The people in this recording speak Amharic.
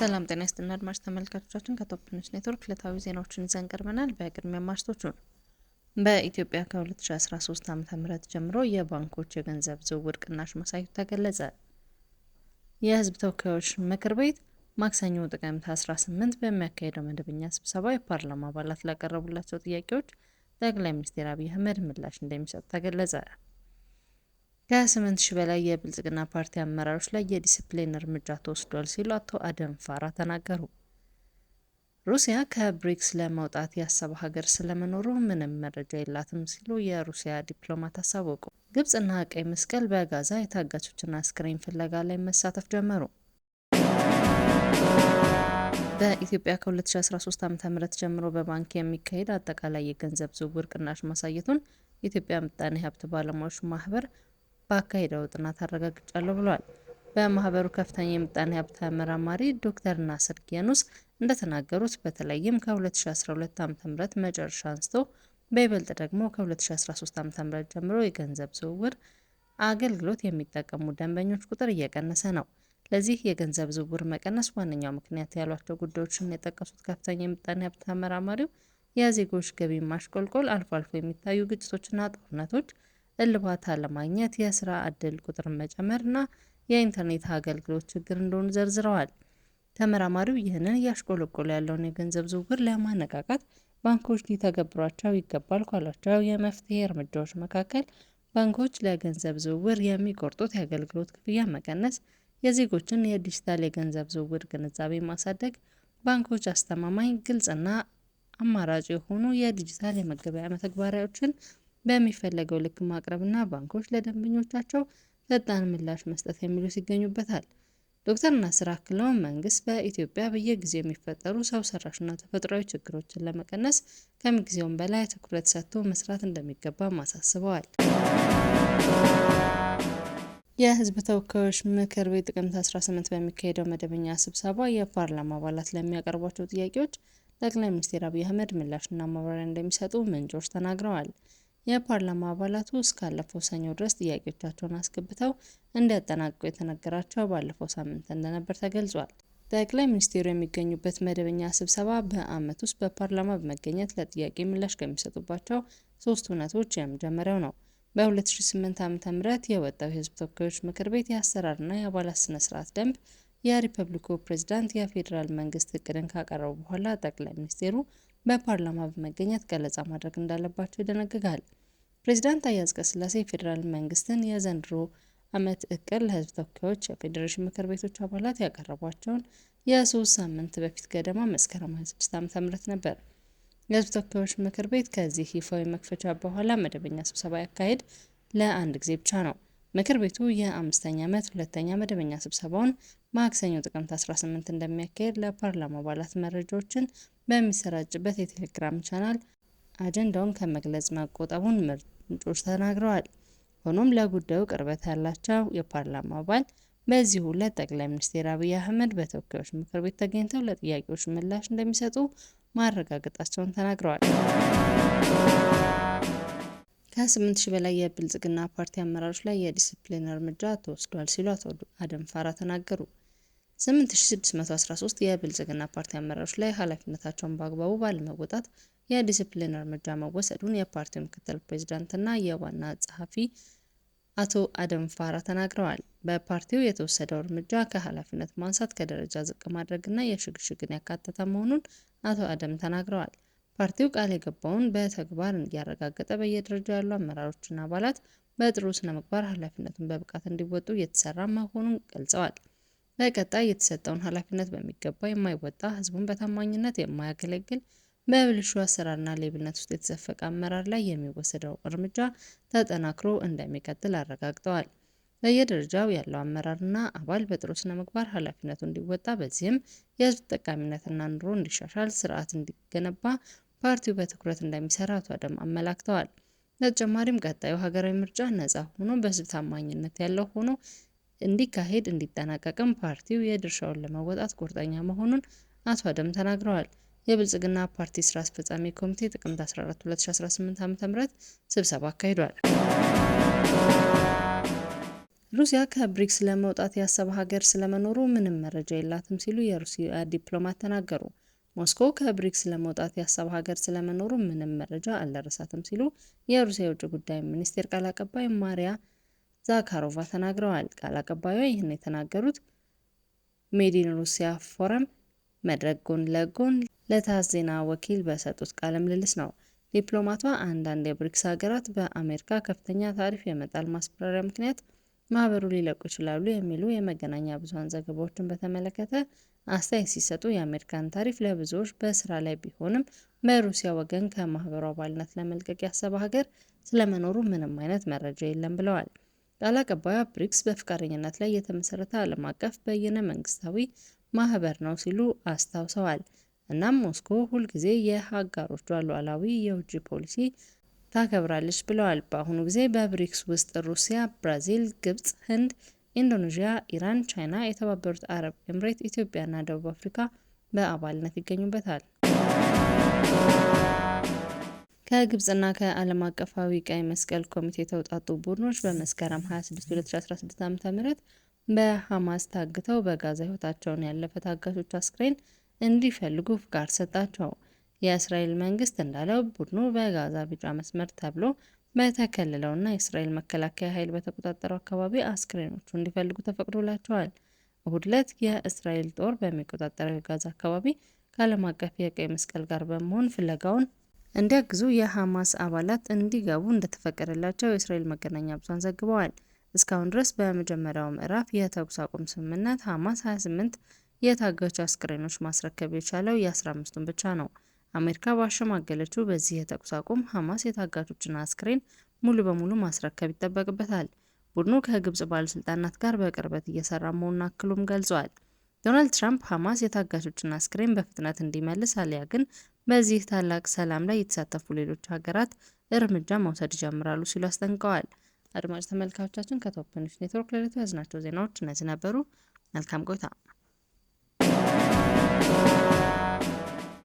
ሰላም ጤና ይስጥና አድማጭ ተመልካቾቻችን ከቶፕ ኒውስ ኔትወርክ ዕለታዊ ዜናዎችን ይዘን ቀርበናል። በቅድሚያ ማርቶቹን በኢትዮጵያ ከ2013 ዓ.ም ጀምሮ የባንኮች የገንዘብ ዝውውር ቅናሽ ማሳየቱ ተገለጸ። የህዝብ ተወካዮች ምክር ቤት ማክሰኞ ጥቅምት 18 በሚያካሄደው መደበኛ ስብሰባ የፓርላማ አባላት ላቀረቡላቸው ጥያቄዎች ጠቅላይ ሚኒስትር አብይ አህመድ ምላሽ እንደሚሰጡ ተገለጸ። ከስምንት ሺህ በላይ የብልጽግና ፓርቲ አመራሮች ላይ የዲስፕሊን እርምጃ ተወስዷል ሲሉ አቶ አደም ፋራ ተናገሩ። ሩሲያ ከብሪክስ ለመውጣት ያሰበ ሀገር ስለመኖሩ ምንም መረጃ የላትም ሲሉ የሩሲያ ዲፕሎማት አሳወቁ። ግብጽና ቀይ መስቀል በጋዛ የታጋቾችና አስክሬን ፍለጋ ላይ መሳተፍ ጀመሩ። በኢትዮጵያ ከ2013 ዓ.ም ጀምሮ በባንክ የሚካሄድ አጠቃላይ የገንዘብ ዝውውር ቅናሽ ማሳየቱን የኢትዮጵያ ምጣኔ ሀብት ባለሙያዎች ማህበር ባካሄደው ጥናት አረጋግጫለሁ ብለዋል። በማህበሩ ከፍተኛ የምጣኔ ሀብት ተመራማሪ ዶክተር ናስር ጊያኑስ እንደተናገሩት በተለይም ከ2012 ዓ.ም መጨረሻ አንስቶ በይበልጥ ደግሞ ከ2013 ዓ.ም ጀምሮ የገንዘብ ዝውውር አገልግሎት የሚጠቀሙ ደንበኞች ቁጥር እየቀነሰ ነው። ለዚህ የገንዘብ ዝውውር መቀነስ ዋነኛው ምክንያት ያሏቸው ጉዳዮችን የጠቀሱት ከፍተኛ የምጣኔ ሀብት ተመራማሪው የዜጎች ገቢ ማሽቆልቆል፣ አልፎ አልፎ የሚታዩ ግጭቶችና ጦርነቶች እልባት ለማግኘት የስራ ቁጥር መጨመር መጨመርና የኢንተርኔት አገልግሎት ችግር እንደሆኑ ዘርዝረዋል። ተመራማሪው ይህንን እያሽቆለቆለ ያለውን የገንዘብ ዝውውር ለማነቃቃት ባንኮች ሊተገብሯቸው ይገባል ካሏቸው የመፍትሄ እርምጃዎች መካከል ባንኮች ለገንዘብ ዝውውር የሚቆርጡት የአገልግሎት ክፍያ መቀነስ፣ የዜጎችን የዲጂታል የገንዘብ ዝውውር ግንዛቤ ማሳደግ፣ ባንኮች አስተማማኝ፣ ግልጽና አማራጭ የሆኑ የዲጂታል የመገበያ መተግበሪያዎችን በሚፈለገው ልክ ማቅረብና ባንኮች ለደንበኞቻቸው ፈጣን ምላሽ መስጠት የሚሉት ይገኙበታል። ዶክተር ናስር አክለውም መንግስት በኢትዮጵያ በየጊዜው የሚፈጠሩ ሰው ሰራሽና ተፈጥሯዊ ችግሮችን ለመቀነስ ከምንጊዜውም በላይ ትኩረት ሰጥቶ መስራት እንደሚገባ አሳስበዋል። የህዝብ ተወካዮች ምክር ቤት ጥቅምት 18 በሚካሄደው መደበኛ ስብሰባ የፓርላማ አባላት ለሚያቀርቧቸው ጥያቄዎች ጠቅላይ ሚኒስትር አብይ አህመድ ምላሽና ማብራሪያ እንደሚሰጡ ምንጮች ተናግረዋል። የፓርላማ አባላቱ እስካለፈው ሰኞ ድረስ ጥያቄዎቻቸውን አስገብተው እንዲያጠናቅቁ የተነገራቸው ባለፈው ሳምንት እንደነበር ተገልጿል። ጠቅላይ ሚኒስትሩ የሚገኙበት መደበኛ ስብሰባ በዓመት ውስጥ በፓርላማ በመገኘት ለጥያቄ ምላሽ ከሚሰጡባቸው ሶስት እውነቶች የመጀመሪያው ነው። በ2008 ዓ ም የወጣው የህዝብ ተወካዮች ምክር ቤት የአሰራርና የአባላት ስነ ስርዓት ደንብ የሪፐብሊኩ ፕሬዝዳንት የፌዴራል መንግስት እቅድን ካቀረቡ በኋላ ጠቅላይ ሚኒስትሩ በፓርላማ በመገኘት ገለጻ ማድረግ እንዳለባቸው ይደነግጋል። ፕሬዚዳንት አያዝ ቀስላሴ የፌዴራል መንግስትን የዘንድሮ አመት እቅድ ለህዝብ ተወካዮች የፌዴሬሽን ምክር ቤቶች አባላት ያቀረቧቸውን የሶስት ሳምንት በፊት ገደማ መስከረም 26 ዓ.ም ነበር። የህዝብ ተወካዮች ምክር ቤት ከዚህ ይፋዊ መክፈቻ በኋላ መደበኛ ስብሰባ ያካሄድ ለአንድ ጊዜ ብቻ ነው። ምክር ቤቱ የአምስተኛ ዓመት ሁለተኛ መደበኛ ስብሰባውን ማክሰኞ ጥቅምት 18 እንደሚያካሄድ ለፓርላማ አባላት መረጃዎችን በሚሰራጭበት የቴሌግራም ቻናል አጀንዳውን ከመግለጽ መቆጠቡን ምርጫ ምንጮች ተናግረዋል። ሆኖም ለጉዳዩ ቅርበት ያላቸው የፓርላማ አባል በዚህ ሁለት ጠቅላይ ሚኒስትር አብይ አህመድ በተወካዮች ምክር ቤት ተገኝተው ለጥያቄዎች ምላሽ እንደሚሰጡ ማረጋገጣቸውን ተናግረዋል። ከ8 ሺህ በላይ የብልጽግና ፓርቲ አመራሮች ላይ የዲስፕሊን እርምጃ ተወስዷል ሲሉ አቶ አደም ፋራ ተናገሩ። 8613 የብልጽግና ፓርቲ አመራሮች ላይ ኃላፊነታቸውን በአግባቡ ባለመወጣት የዲስፕሊን እርምጃ መወሰዱን የፓርቲው ምክትል ፕሬዚዳንትና የዋና ጸሐፊ አቶ አደም ፋራ ተናግረዋል። በፓርቲው የተወሰደው እርምጃ ከኃላፊነት ማንሳት፣ ከደረጃ ዝቅ ማድረግና የሽግሽግን ያካተተ መሆኑን አቶ አደም ተናግረዋል። ፓርቲው ቃል የገባውን በተግባር እያረጋገጠ በየደረጃው ያሉ አመራሮችና አባላት በጥሩ ስነ ምግባር ኃላፊነቱን በብቃት እንዲወጡ እየተሰራ መሆኑን ገልጸዋል። በቀጣይ የተሰጠውን ኃላፊነት በሚገባ የማይወጣ ህዝቡን በታማኝነት የማያገለግል በብልሹ አሰራርና ሌብነት ውስጥ የተዘፈቀ አመራር ላይ የሚወሰደው እርምጃ ተጠናክሮ እንደሚቀጥል አረጋግጠዋል። በየደረጃው ያለው አመራርና አባል በጥሩ ስነ ምግባር ኃላፊነቱ እንዲወጣ በዚህም የህዝብ ተጠቃሚነትና ኑሮ እንዲሻሻል ስርዓት እንዲገነባ ፓርቲው በትኩረት እንደሚሰራ አቶ አደም አመላክተዋል። በተጨማሪም ቀጣዩ ሀገራዊ ምርጫ ነጻ ሆኖ በህዝብ ታማኝነት ያለው ሆኖ እንዲካሄድ እንዲጠናቀቅም ፓርቲው የድርሻውን ለመወጣት ቁርጠኛ መሆኑን አቶ አደም ተናግረዋል። የብልጽግና ፓርቲ ስራ አስፈጻሚ ኮሚቴ ጥቅምት 14 2018 ዓ.ም ስብሰባ አካሂዷል። ሩሲያ ከብሪክስ ለመውጣት ያሰበ ሀገር ስለመኖሩ ምንም መረጃ የላትም ሲሉ የሩሲያ ዲፕሎማት ተናገሩ። ሞስኮ ከብሪክስ ለመውጣት ያሰበ ሀገር ስለመኖሩ ምንም መረጃ አልደረሳትም ሲሉ የሩሲያ የውጭ ጉዳይ ሚኒስቴር ቃል አቀባይ ማሪያ ዛካሮቫ ተናግረዋል። ቃል አቀባዩ ይህን የተናገሩት ሜዲን ሩሲያ ፎረም መድረክ ጎን ለጎን ለታስ ዜና ወኪል በሰጡት ቃለ ምልልስ ነው። ዲፕሎማቷ አንዳንድ የብሪክስ ሀገራት በአሜሪካ ከፍተኛ ታሪፍ የመጣል ማስፈራሪያ ምክንያት ማህበሩ ሊለቁ ይችላሉ የሚሉ የመገናኛ ብዙሀን ዘገባዎችን በተመለከተ አስተያየት ሲሰጡ የአሜሪካን ታሪፍ ለብዙዎች በስራ ላይ ቢሆንም በሩሲያ ወገን ከማህበሩ አባልነት ለመልቀቅ ያሰበ ሀገር ስለመኖሩ ምንም አይነት መረጃ የለም ብለዋል። ቃል አቀባዩ ብሪክስ በፍቃደኝነት ላይ የተመሰረተ ዓለም አቀፍ በይነ መንግስታዊ ማህበር ነው ሲሉ አስታውሰዋል። እናም ሞስኮ ሁልጊዜ የአጋሮቿን ሉዓላዊ የውጭ ፖሊሲ ታከብራለች ብለዋል። በአሁኑ ጊዜ በብሪክስ ውስጥ ሩሲያ፣ ብራዚል፣ ግብጽ፣ ህንድ፣ ኢንዶኔዥያ፣ ኢራን፣ ቻይና፣ የተባበሩት አረብ ኤምሬት፣ ኢትዮጵያና ደቡብ አፍሪካ በአባልነት ይገኙበታል። ከግብጽና ከዓለም አቀፋዊ ቀይ መስቀል ኮሚቴ የተውጣጡ ቡድኖች በመስከረም 26 2016 ዓ.ም በሐማስ ታግተው በጋዛ ህይወታቸውን ያለፈ ታጋቾች አስክሬን እንዲፈልጉ ፍቃድ ሰጣቸው። የእስራኤል መንግስት እንዳለው ቡድኑ በጋዛ ቢጫ መስመር ተብሎ በተከለለውና የእስራኤል መከላከያ ኃይል በተቆጣጠረው አካባቢ አስክሬኖቹ እንዲፈልጉ ተፈቅዶላቸዋል። እሁድ ዕለት የእስራኤል ጦር በሚቆጣጠረው የጋዛ አካባቢ ከዓለም አቀፍ የቀይ መስቀል ጋር በመሆን ፍለጋውን እንዲያግዙ የሐማስ አባላት እንዲገቡ እንደተፈቀደላቸው የእስራኤል መገናኛ ብዙን ዘግበዋል። እስካሁን ድረስ በመጀመሪያው ምዕራፍ የተኩስ አቁም ስምምነት ሐማስ 28 የታጋች አስክሬኖች ማስረከብ የቻለው የ15ቱን ብቻ ነው። አሜሪካ ባሸማገለችው በዚህ የተኩስ አቁም ሐማስ የታጋቾችን አስክሬን ሙሉ በሙሉ ማስረከብ ይጠበቅበታል። ቡድኑ ከግብጽ ባለስልጣናት ጋር በቅርበት እየሰራ መሆኑን አክሉም ገልጿል። ዶናልድ ትራምፕ ሐማስ የታጋቾችን አስክሬን በፍጥነት እንዲመልስ አሊያ ግን በዚህ ታላቅ ሰላም ላይ የተሳተፉ ሌሎች ሀገራት እርምጃ መውሰድ ይጀምራሉ ሲሉ አስጠንቀዋል። አድማጭ ተመልካቾቻችን ከቶፕ ኔትወርክ ለለቱ ያዝናቸው ዜናዎች እነዚህ ነበሩ። መልካም ቆይታ። thank you